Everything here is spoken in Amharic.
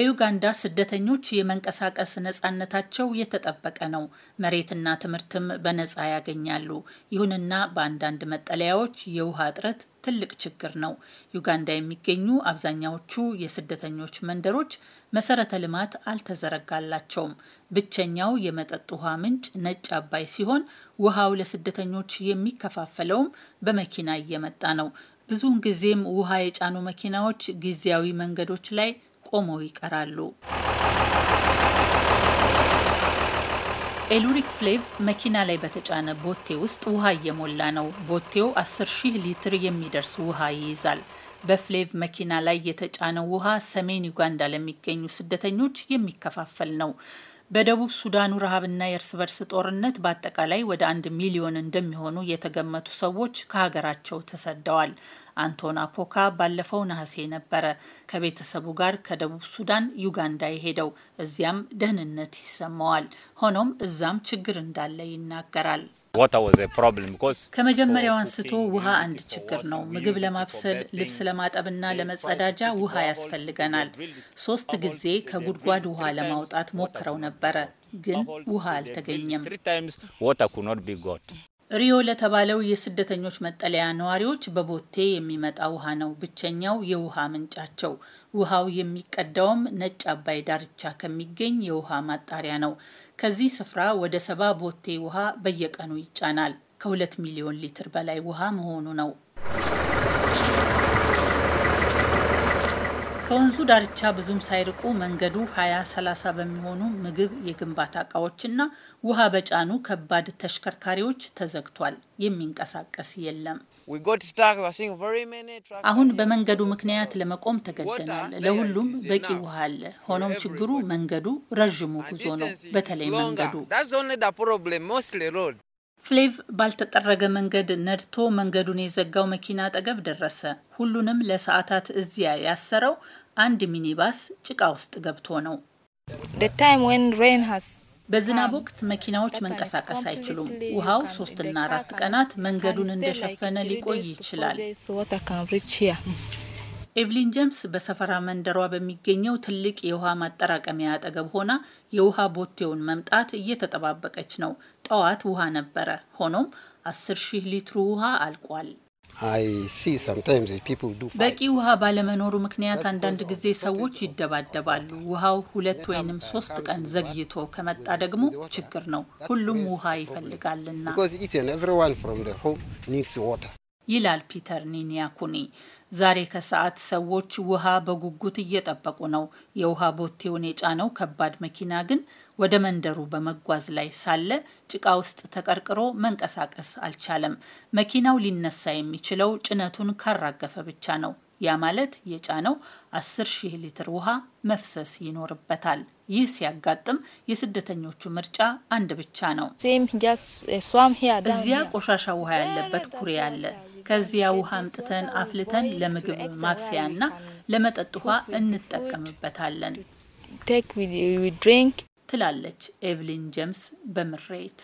በዩጋንዳ ስደተኞች የመንቀሳቀስ ነጻነታቸው የተጠበቀ ነው። መሬትና ትምህርትም በነጻ ያገኛሉ። ይሁንና በአንዳንድ መጠለያዎች የውሃ እጥረት ትልቅ ችግር ነው። ዩጋንዳ የሚገኙ አብዛኛዎቹ የስደተኞች መንደሮች መሰረተ ልማት አልተዘረጋላቸውም። ብቸኛው የመጠጥ ውሃ ምንጭ ነጭ አባይ ሲሆን ውሃው ለስደተኞች የሚከፋፈለውም በመኪና እየመጣ ነው። ብዙውን ጊዜም ውሃ የጫኑ መኪናዎች ጊዜያዊ መንገዶች ላይ ቆመው ይቀራሉ። ኤሉሪክ ፍሌቭ መኪና ላይ በተጫነ ቦቴ ውስጥ ውሃ እየሞላ ነው። ቦቴው 10 ሊትር የሚደርስ ውሃ ይይዛል። በፍሌቭ መኪና ላይ የተጫነው ውሃ ሰሜን ዩጋንዳ ለሚገኙ ስደተኞች የሚከፋፈል ነው። በደቡብ ሱዳኑ ረሃብና የእርስ በርስ ጦርነት በአጠቃላይ ወደ አንድ ሚሊዮን እንደሚሆኑ የተገመቱ ሰዎች ከሀገራቸው ተሰደዋል። አንቶና ፖካ ባለፈው ነሐሴ ነበረ ከቤተሰቡ ጋር ከደቡብ ሱዳን ዩጋንዳ የሄደው። እዚያም ደህንነት ይሰማዋል። ሆኖም እዛም ችግር እንዳለ ይናገራል። ከመጀመሪያው አንስቶ ውሃ አንድ ችግር ነው። ምግብ ለማብሰል፣ ልብስ ለማጠብና ለመጸዳጃ ውሃ ያስፈልገናል። ሶስት ጊዜ ከጉድጓድ ውሃ ለማውጣት ሞክረው ነበረ፣ ግን ውሃ አልተገኘም። ሪዮ ለተባለው የስደተኞች መጠለያ ነዋሪዎች በቦቴ የሚመጣ ውሃ ነው ብቸኛው የውሃ ምንጫቸው። ውሃው የሚቀዳውም ነጭ አባይ ዳርቻ ከሚገኝ የውሃ ማጣሪያ ነው። ከዚህ ስፍራ ወደ ሰባ ቦቴ ውሃ በየቀኑ ይጫናል። ከሁለት ሚሊዮን ሊትር በላይ ውሃ መሆኑ ነው። ከወንዙ ዳርቻ ብዙም ሳይርቁ መንገዱ 20 30 በሚሆኑ ምግብ የግንባታ እቃዎችና ውሃ በጫኑ ከባድ ተሽከርካሪዎች ተዘግቷል። የሚንቀሳቀስ የለም። አሁን በመንገዱ ምክንያት ለመቆም ተገደናል። ለሁሉም በቂ ውሃ አለ። ሆኖም ችግሩ መንገዱ ረዥሙ ጉዞ ነው። በተለይ መንገዱ ፍሌቭ ባልተጠረገ መንገድ ነድቶ መንገዱን የዘጋው መኪና አጠገብ ደረሰ። ሁሉንም ለሰዓታት እዚያ ያሰረው አንድ ሚኒባስ ጭቃ ውስጥ ገብቶ ነው። በዝናብ ወቅት መኪናዎች መንቀሳቀስ አይችሉም። ውሃው ሶስትና አራት ቀናት መንገዱን እንደሸፈነ ሊቆይ ይችላል። ኤቭሊን ጀምስ በሰፈራ መንደሯ በሚገኘው ትልቅ የውሃ ማጠራቀሚያ አጠገብ ሆና የውሃ ቦቴውን መምጣት እየተጠባበቀች ነው። ጠዋት ውሃ ነበረ። ሆኖም አስር ሺህ ሊትሩ ውሃ አልቋል። በቂ ውሃ ባለመኖሩ ምክንያት አንዳንድ ጊዜ ሰዎች ይደባደባሉ። ውሃው ሁለት ወይንም ሶስት ቀን ዘግይቶ ከመጣ ደግሞ ችግር ነው። ሁሉም ውሃ ይፈልጋልና ይላል ፒተር ኒኒያኩኒ። ዛሬ ከሰዓት ሰዎች ውሃ በጉጉት እየጠበቁ ነው። የውሃ ቦቴውን የጫነው ከባድ መኪና ግን ወደ መንደሩ በመጓዝ ላይ ሳለ ጭቃ ውስጥ ተቀርቅሮ መንቀሳቀስ አልቻለም። መኪናው ሊነሳ የሚችለው ጭነቱን ካራገፈ ብቻ ነው። ያ ማለት የጫነው 10 ሺህ ሊትር ውሃ መፍሰስ ይኖርበታል። ይህ ሲያጋጥም የስደተኞቹ ምርጫ አንድ ብቻ ነው። እዚያ ቆሻሻ ውሃ ያለበት ኩሬ አለ። ከዚያ ውሃ አምጥተን አፍልተን ለምግብ ማብሰያና ለመጠጥ ውሃ እንጠቀምበታለን ትላለች ኤቭሊን ጀምስ በምሬት